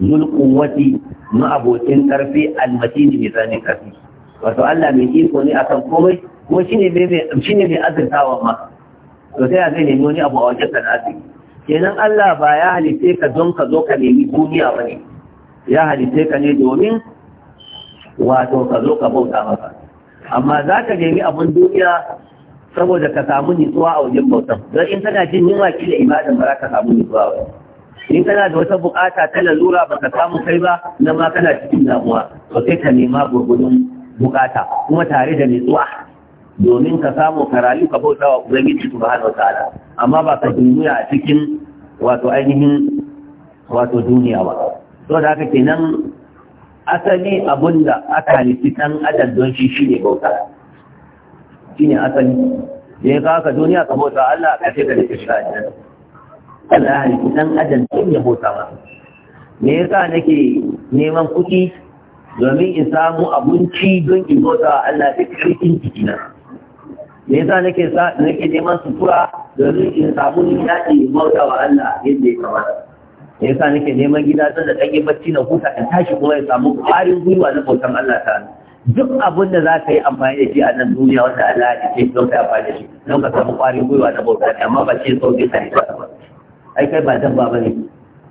A: zul quwwati ma'abotin karfi almatin mai zanin karfi wato Allah mai iko ne akan komai kuma shine mai shine mai azirtawa ma to sai zai nemi wani abu a wajen sana'a kenan Allah ba ya halitte ka don ka zo ka nemi duniya ba ne ya halitte ka ne domin wato ka zo ka bauta masa amma za ka nemi abin duniya saboda ka samu nutsuwa a wajen bautan don in kana jin yunwa da ibada ba za ka samu nutsuwa ba. in kana da wata bukata ta lalura ba ka samu kai ba na ma kana cikin damuwa to sai ka nema gurgudun bukata kuma tare da nutsuwa domin ka samu ka rayu ka bauta wa ubangiji subhanahu wataala amma ba ka duniya a cikin wato ainihin wato duniya ba to da haka kenan asali abun da aka halittu ɗan adam don shi shi ne bauta shi ne asali da ya kawo ka duniya ka bauta Allah ka ce ka rike shi a Allah ya halitti ɗan adam don ya bauta ma me sa nake neman kuɗi domin in samu abinci don in bauta Allah da kirkin jikina me ya sa nake neman sutura domin in samu nishaɗi bauta wa Allah yadda ya kamata Ya yasa nake neman gida zan da ɗan yi bacci na huta in tashi kuma ya samu ƙwarin gwiwa na bautan Allah ta duk abin da za ka yi amfani da shi a nan duniya wanda Allah ya ce don ka amfani da shi don ka samu ƙwarin gwiwa na bauta amma ba shi sauƙi ka ne ba ai kai ba dabba ba ne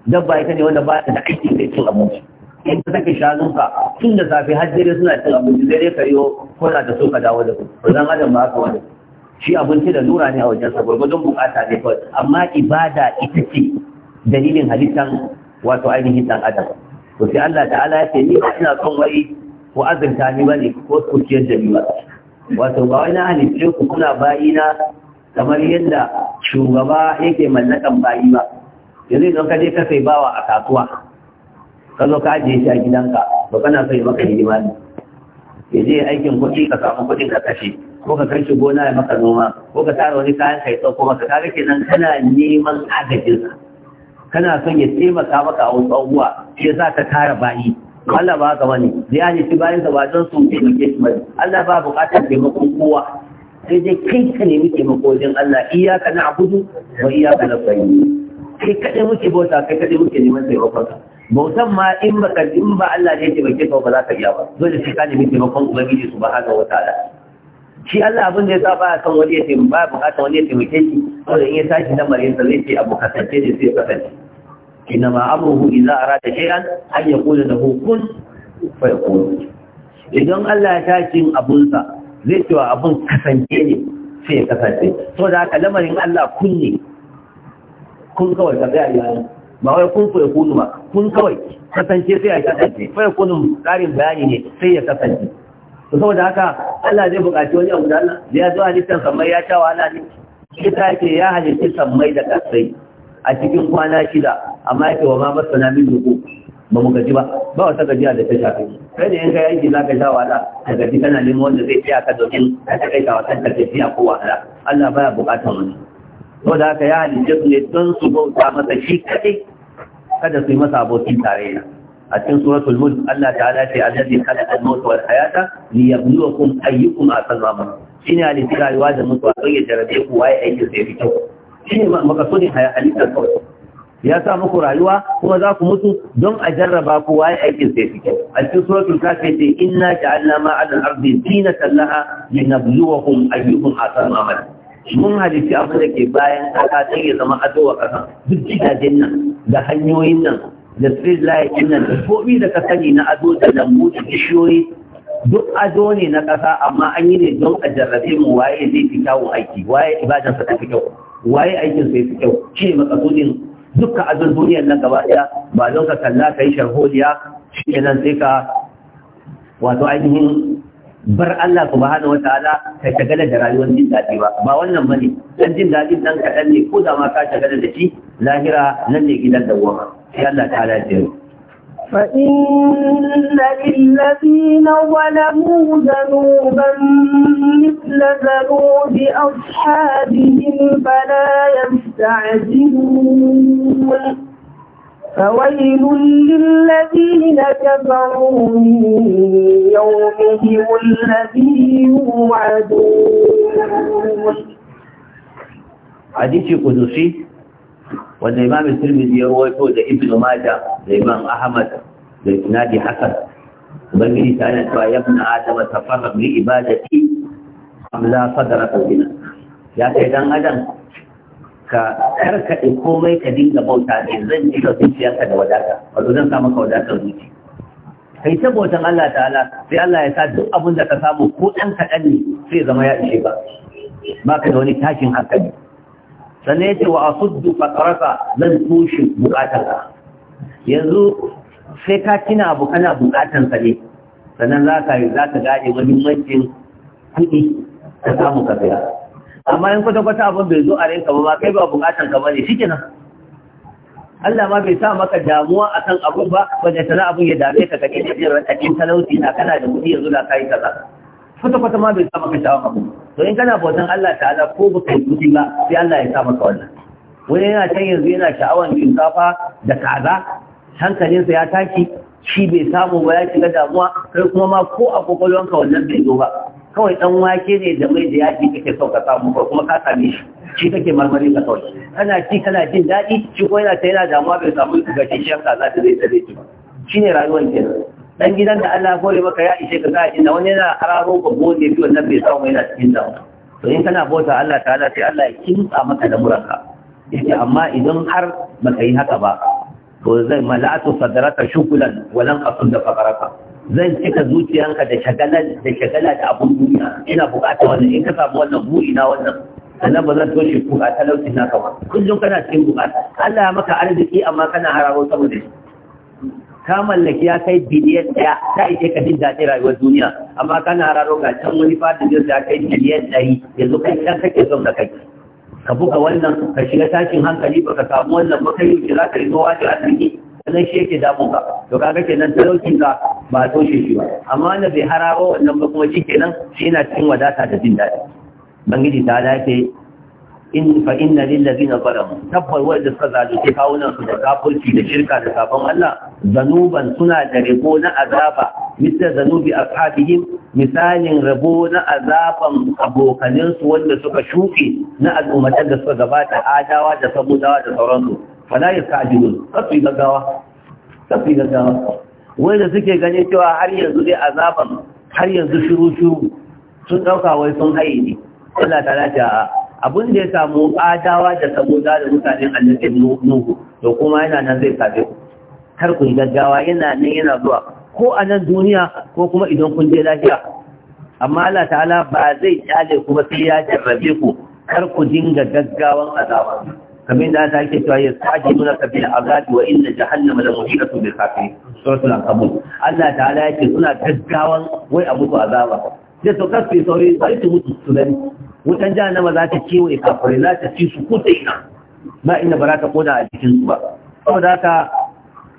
A: dabba ita ne wanda ba ta da aiki sai cin abinci in ka sake shanunka tun da safe har dare suna cin abinci dare ka yi na da so ka dawo da ku ba zan adam ba haka wani shi abinci da nura ne a wajen sa gwargwadon bukata ne kawai amma ibada ita ce dalilin halittan wato ainihin dan adam to sai Allah ta'ala ya ce ni ina son wai ko azurta ni bane ko kuciyar da ni ba wato ba wai na halicce ku kuna bayi na kamar yadda shugaba yake mallakan bayi ba yanzu idan ka je ka sai bawa a kasuwa ka zo ka ajiye shi a gidanka ba kana so maka hidima ne ya je aikin kuɗi ka samu kuɗin ka kashe ko ka kai gona ya maka noma ko ka tara wani kayan kai ɗauko maka kaga kenan kana neman agajinsa kana son ya taimaka maka a wasu abubuwa ya sa ka tara bayi Allah ba ka bane zai ne ci bayan sa ba don su taimake shi bane Allah ba buƙatar taimakon kowa sai dai kai ka nemi taimako wajen Allah ka na abudu wa ka na sayi kai kaɗai muke bauta kai kaɗai muke neman taimakon ka bautan ma in ba in ba Allah ne ya taimake ka ba za ka iya ba dole sai ka nemi taimakon ubangiji subhanahu wataala shi Allah abin da ya ba a kan wani ya taimaka ba buƙatar wani ya taimake shi wanda in ya tashi na mariyarsa zai ce abu kasance ne sai ya kasance إنما أمره إذا أراد شيئا أن يقول له كن فيقول idan Allah ya tashi abunsa zai cewa abun kasance ne sai ya kasance الله haka lamarin Allah kun هو يكون kawai ka tsaya yana ba kun kunu ba kun kawai kasance sai kasance Fai kunun tsarin bayani ne sai ya kasance saboda haka Allah zai buƙaci wani abu da Allah ya zuwa nisan sammai ya cewa Allah ne Ita yake ya halittu sammai da kasai a cikin kwana shida amma yake wa ma masana min duku ba mu gaji ba ba wata gajiya da ta shafe kai da yanka yanki za ka sha wahala da gaji kana neman wanda zai tsaya ka domin ka takaita wa kanka tafiya ko wahala Allah baya bukatar wani saboda haka ya halince su ne don su bauta masa shi kaɗai kada su yi masa abokin tarayya a cikin suratul mulk Allah ta'ala ce allazi khalaqa al-mauta wal hayata liyabluwakum ayyukum ahsanu amala shine halitta rayuwa da mutuwa don ya jarabe ku waye aikin sai fito. kyau shi ne makasudin halittar kawai ya sa muku rayuwa kuma za ku mutu don a jarraba ku waye aikin sai fi a cikin suratul kafir ce inna ja'alna ma alal ardi zinatan laha linabluwahum ayyuhum ahsanu amala mun halitta abin da ke bayan kasa sai ya zama ado kasa duk gidajen nan da hanyoyin nan da street light nan da komi da ka sani na ado da lambu da bishiyoyi duk ado ne na kasa amma an yi ne don a jarrabe mu waye zai fi kyawun aiki waye ibadansa ta fi kyau waye aikin sai fi kyau shi ne makasudin dukkan azun duniyar nan gaba ɗaya ba don ka kalla ka yi sharholiya shi ne nan sai ka wato ainihin bar Allah wata wa ta'ala ka shagala da rayuwar jin daɗi ba ba wannan bane dan jin daɗin dan kaɗan ne ko da ma ka shagala da shi lahira nan ne gidan dawwama sai Allah ta halaye
B: فإن للذين ظلموا ذنوبا مثل ذنوب أصحابهم فلا يستعجلون فويل للذين كفروا من يومهم الذي يوعدون
A: حديث قدسي wanda imam tirmidhi ya rawaito da ibn majah da imam ahmad da isnadi hasan ubangiji ta yana cewa ya ibn adam tafarraq bi ibadati am la sadraka bina ya kai dan adam ka karkade komai ka dinga bauta ne zan ji zuciyarka da wadata wato zan samu ka wadatar zuci kai saboda Allah ta'ala sai Allah ya sa duk abin da ka samu ko dan kadan ne sai zama ya ishe ba ba ka da wani tashin hankali sannan ya ce wa asuddu fataraka zan toshe bukatarka yanzu sai ka kina abu kana bukatan ka ne sannan za ka za ka gane muhimmancin kuɗi ka samu ka biya amma in kwata kwata abin bai zo a rinka ba kai ba bukatan ka bane shikenan Allah ma bai sa maka damuwa akan abu ba wanda sana abun ya dame ka kake da jin raɗaɗin talauci na kana da kuɗi yanzu da kai kaza kwata-kwata ma bai samu maka sha'awa abu to in kana bautan Allah ta'ala ko ba kai ba sai Allah ya sa ka wannan wani yana can yanzu yana sha'awan shinkafa da kaza hankalinsa ya tashi shi bai samu ba ya shiga damuwa kai kuma ma ko a kwakwalwanka wannan bai zo ba kawai dan wake ne da mai da yaki kake so ka samu ko kuma ka same shi shi kake marmari ka kawai kana ci kana jin daɗi shi ko yana ta yana damuwa bai samu ga shi shi yanka za ta zai ta zai ci ba ne rayuwar kenan dan gidan da Allah kore maka ya ishe ka zai inda wani yana araro ka gode biyu wannan bai samu yana cikin damu to in kana bauta Allah ta'ala sai Allah ya kinsa maka da muraka yace amma idan har baka yi haka ba to zai mala'atu sadraka shukulan walan asudda faqaraka zan cika zuciyanka da shagala da shagala da abun duniya ina bukata wannan in ka samu wannan buri na wannan sannan ba zan so toshe kuka talauci na kama kullum kana cikin bukata Allah ya maka arziki amma kana hararo saboda shi ka mallaki ya kai biliyan ɗaya ta ishe ka jin daɗin rayuwar duniya amma kana hararo ga can wani fadin da ya kai biliyan ɗari yanzu kai can kake zo da kai ka buga wannan ka shiga tashin hankali ba ka samu wannan ba kai yau za ka yi zuwa da asibiti wannan shi yake damun ka to kaga kenan talaucin ka ba a toshe shi ba amma wanda bai hararo wannan ba kuma shi kenan shi yana cikin wadata da jin daɗi bangiji ta dace in fa inna lil ladina zalamu tabbar wanda suka zalunci kawunan su da kafirci da shirka da sabon Allah zanuban suna da rabo na azaba mithla zanubi ashabihim misalin rabo na azaban abokanin su wanda suka shuke na al'ummatan da suka gabata adawa da samudawa da sauransu fala yasajidun kafi gaggawa kafi gaggawa wanda suke ganin cewa har yanzu dai azaban har yanzu shiru shiru sun dauka wai sun haye ne Allah ta lafiya abin da ya samu adawa da saboda da mutanen annabin nuhu to kuma yana nan zai same kar ku yi gaggawa yana nan yana zuwa ko a nan duniya ko kuma idan kun je lafiya amma Allah ta'ala ba zai kyale kuma sai ya jarrabe ku kar ku dinga gaggawan azaba kamar da ta yake cewa mun ka bil azabi wa inna jahannama la muhitatu bil kafirin suratul Allah ta'ala yake suna gaggawan wai abu azaba da to kafi sauri sai mutu su wutan jahannama za ta kewaye kafirai za ta ci su ko ta ina ba inda ba za ta koda a cikin su ba saboda haka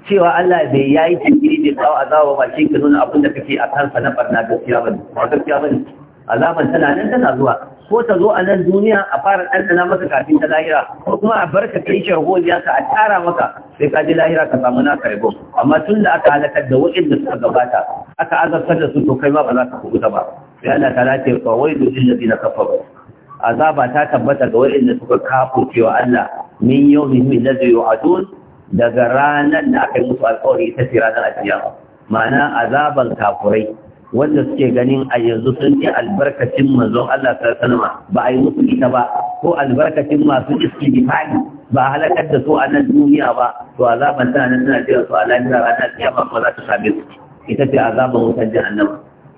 A: cewa Allah bai yayi jinkiri da kawo azaba ba shi ka nuna abin da kake a kansa na barna gaskiya ba gaskiya ne. azaban tana nan tana zuwa ko ta zo a nan duniya a fara ɗanɗana maka kafin ta lahira ko kuma a barka kai sharholiya ka a tara maka sai ka ji lahira ka samu naka rabo amma tun da aka halakar da da suka gabata aka azabtar da su to kai ma ba za ka kubuta ba sai Allah ta lafiya fa waidu lil ladina kafaru azaba ta tabbata ga da suka kafo cewa Allah min yawmin min ladhi yu'adun daga ranar da aka yi musu alƙawari ita ce ranar alƙiyama ma'ana azaban kafurai wanda suke ganin a yanzu sun ce albarkacin manzon Allah sallallahu ba a yi musu ita ba ko albarkacin masu iski bifani ba halakar da su a nan duniya ba to azaban ta nan suna jira su a lafiya ranar kiyama ko za ta same su ita ce azaban wutar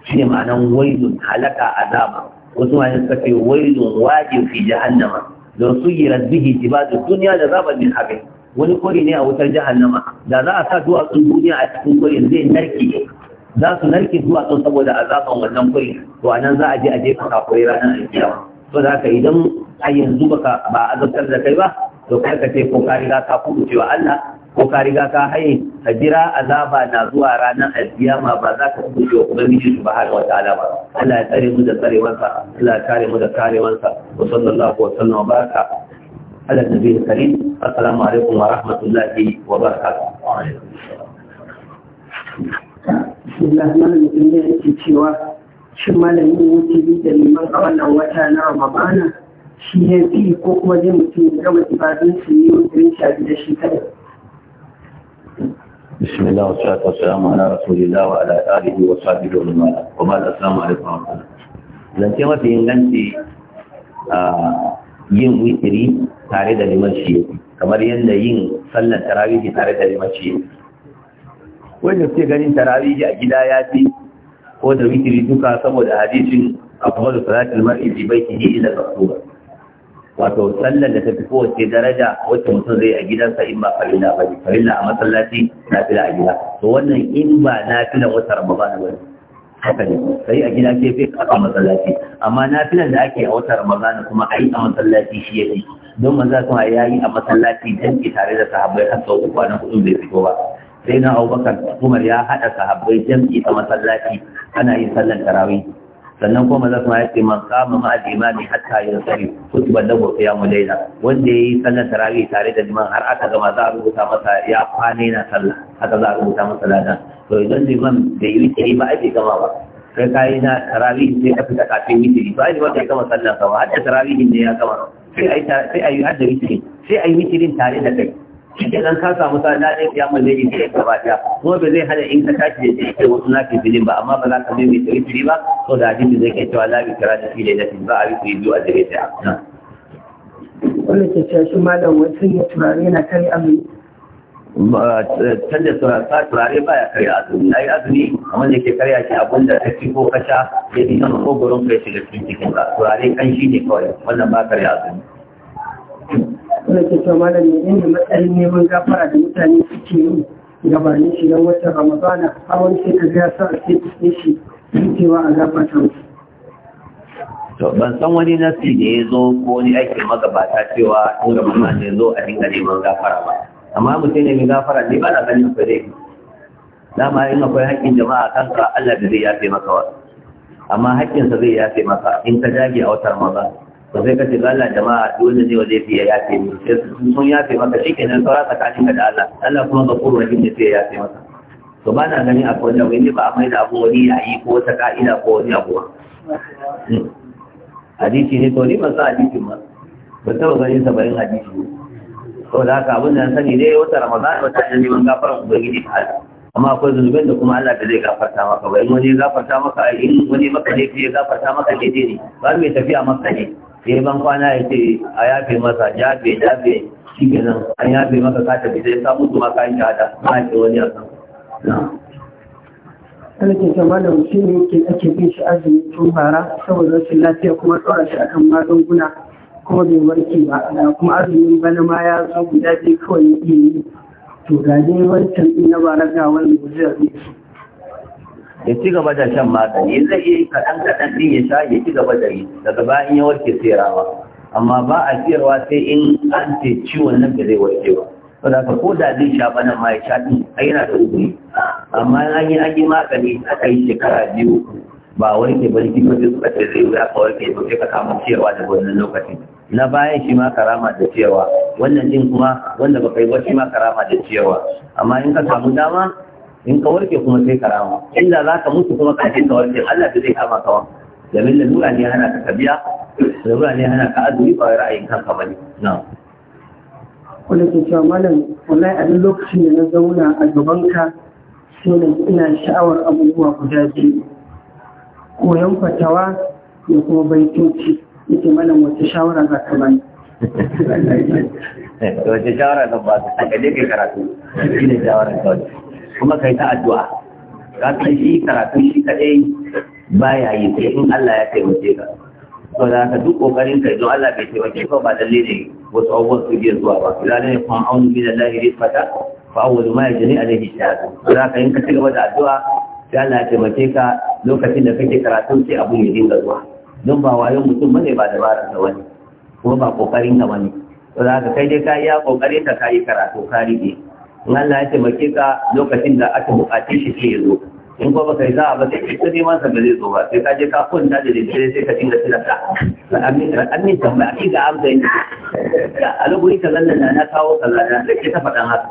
A: Shi ne ma'anar wailun halaka azaba wasu ma suka ce wailun wajin fi jahannama don su yi rabbihi da duniya da zaban min haɓe. wani kori ne a wutar jahannama da za a sa duwatsun duniya a cikin kori zai narke za su narke sun saboda azaban wannan kuri to anan za a je a jefa kafurai ranar alkiyawa to da haka idan a yanzu baka ba azabtar da kai ba to kar ka ce ko ka riga ka kudu cewa Allah ko ka riga ka haye ka jira azaba na zuwa ranar alkiyama ba za ka kudu cewa kuma subhanahu su ba wata Allah ya tsare mu da tsarewansa Allah ya kare mu da karewansa wa sallallahu wa sallam wa baraka ala nabiyil karim assalamu alaikum wa rahmatullahi wa barakatuh
C: bismillah malam din ne yake cewa shin malamin wuce da liman a wannan wata na ramadana shi ya fi ko kuma zai mutum ya gama ibadun su yi wuturin shafi da shi kada
A: بسم الله والصلاة والسلام على رسول الله وعلى آله وصحبه ومن والاه وبعد السلام عليكم ورحمة الله. Zance mafi inganci yin witiri tare da liman shi kamar yadda yin sallan tarawihi tare da liman shi wanda suke ganin tarawih a gida ya fi ko da wikiri duka saboda hadisin afdalu salatil mar'i baiki ne ila ba wato sallar da ta fi kowace daraja wacce mutum zai a gidansa in ba farilla ba ne farilla a masallaci na fila a gida to wannan in ba na filan wata rama ba ne haka ne sai a gida ke fi a masallaci amma na filan da ake a wata ramadan kuma a yi a masallaci shi ya fi don maza kuma ya yi a masallaci don ke tare da sahabbai har sau uku nan hudu bai fito ba sai na abubakar umar ya haɗa sahabbai jam'i a masallaci ana yin sallar tarawih sannan kuma maza kuma ya ce man kama ma imami hatta ya sari kutuba da gobe ya daina wanda ya yi sallar tarawih tare da liman har aka gama za a rubuta masa ya kwana na sallah haka za a rubuta masa ladan to idan liman bai yi witiri ba ake gama ba kai ka yi na tarawih sai ka fita kafin witiri ba ne wanda ya gama sallar ba har da tarawih ne ya gama sai a yi sai a yi sai a yi witirin tare da kai shi nan ka samu sa na ɗaya kiyamar da yake da gaba ɗaya kuma ba zai hana in ka tashi da yake wasu na filin ba amma ba za ka mai mai fili ba ko da hadisi zai kai cewa la bi kira da fili da ba a bi biyu a dare ɗaya
C: wannan ke cewa shi malam wasu ya turare yana kare azumi
A: eh, canza sa turare ba ya karya azumi na yi azumi a da ke karya shi abin da ta ci ko kasha ya fi kan ko gurin kai shiga cikin cikin ba turare kan shi ne kawai wannan ba karya azumi
C: Kuna ke cewa malam ne inda matsayin neman gafara da mutane suke yi gabanin don watan ramadana a wani sai ka ga sa a sai shi cewa a gafata musu
A: to ban san wani nasi da ya zo ko wani aikin magabata cewa in mamma ne zo a dinga neman gafara ba amma mutum ne mai gafara ne ba na ganin akwai dai dama in akwai haƙƙin jama'a kanka Allah da zai yafe maka wa amma haƙƙinsa zai yafe maka in ka dage a watan ramadan ba sai kace ga Allah jama'a dole ne wanda zai ya yafe mu sai sun yafe maka shikenan saura tsakanin ka da Allah Allah kuma gafurur rahim ne sai ya yafe maka to ba na gani akwai wanda wani ba a mai da abu wani yayi ko wata ka'ida ko wani abu ba hmm. hadisi ne to ni ban san hadisin ba ba taɓa ganin sabarin hadisi ne to da haka abin da na sani dai wata ramadan wata ne neman gafaran ubangiji ta hada amma akwai zunubin da kuma Allah da zai gafarta maka ba in wani gafarta maka in wani maka ne ya gafarta maka daidai ne ba mai tafiya maka ne ya ban kwana ya ce a yafe masa yafe yafe shi nan an yafe maka kata bi sai ka mutu kayan ka yi shahada ba ce wani a kan
C: alaƙin da mutum ne ke ake bin shi azumi tun bara saboda rashin lafiya kuma tsora shi akan magunguna kuma bai warke ba kuma azumin bana ma ya zo guda biyu kawai ya iya yi to ga dai wancan ɗin na bara ga wani gujewa ne
A: ya ci gaba da shan magani zai iya kaɗan kaɗan ɗin ya sha ya ci gaba da yi daga bayan ya warke sai amma ba a siyarwa sai in an ce ciwon nan da zai warke ba saboda ka ko da zai sha bana ma ya sha ɗin a yana da uzuri amma an yi an yi magani aka yi shekara biyu ba warke ba likitoci suka ce zai ya ka warke ba sai ka kama ciyarwa daga wannan lokacin na bayan shi ma karama da ciyarwa wannan din kuma wanda bakai kai ba shi ma karama da ciyarwa amma in ka samu dama in ka warke kuma sai ka rama illa za ka mutu kuma kafin ka warke Allah da zai kama ka wa domin lalura ne hana ka tabiya lalura ne hana ka azumi ba ra'ayin kanka ne na
C: wanda ke cewa malam wallahi a duk lokacin da na zauna a gaban ka sai ina sha'awar abubuwa guda biyu koyon fatawa da kuma baitoci yake malam wace shawara za ka bani [laughs] eh, wace shawara zan ba su kai je
A: kai karatu shi ne shawara kawai kuma kai ta addu'a ka san shi karatun shi kadai baya yi sai in Allah ya taimake ka to da ka duk kokarin ka don Allah bai taimake ka ba dalili ne wasu abubuwan su biyan zuwa ba idan ne kuma aunu bi da lahi fata fa awwalu ma a alayhi shaytan to da ka in ka cigaba da addu'a sai Allah ya taimake ka lokacin da kake karatun sai abun ya dinga zuwa don ba wayo mutum bane ba dabarar da wani kuma ba kokarin ka bane to da ka kai dai ka iya kokarin ka kai karatu ka Allah ya taimake ka lokacin da aka buƙace shi sai ya zo in ko baka yi za a ba sai ka neman sa ba zai zo ba sai ka je ka kunta da dare sai ka dinga tilasta al'amin ta ba ki ga amsa yin a lokacin ka zallan na kawo kallana da ke ta faɗan haka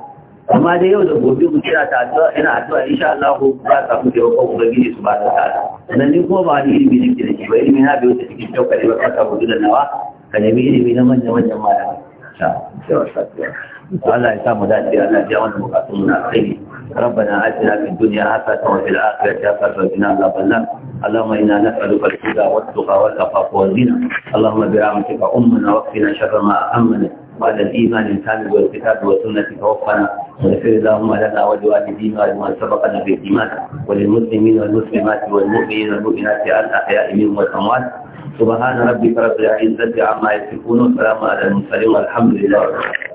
A: amma dai yau da gobe mu kira ta addu'a ina addu'a insha Allah za ta mu taimako gidi su ba ta tsara sannan ni ko ba ni ilimi nake da ba ilimi na bai wuce cikin kyau kare ba ka samu da nawa ka nemi ilimi na manyan manyan malama. Sha, Allah ya sa mu dace Allah ya wannan bukatun na sai ربنا آتنا في الدنيا حسنة وفي الآخرة حسنة وقنا عذاب النار اللهم إنا نسألك الهدى والتقى والعفاف والغنى اللهم برحمتك أمنا واكفنا شر ما أمنا وعلى الإيمان الكامل والكتاب والسنة توفنا ونفر اللهم لنا ولوالدينا ولمن سبقنا بالإيمان وللمسلمين والمسلمات والمؤمنين والمؤمنات الأحياء منهم والأموات سبحان ربك رب العزة عما يصفون وسلام على المرسلين والحمد لله رب العالمين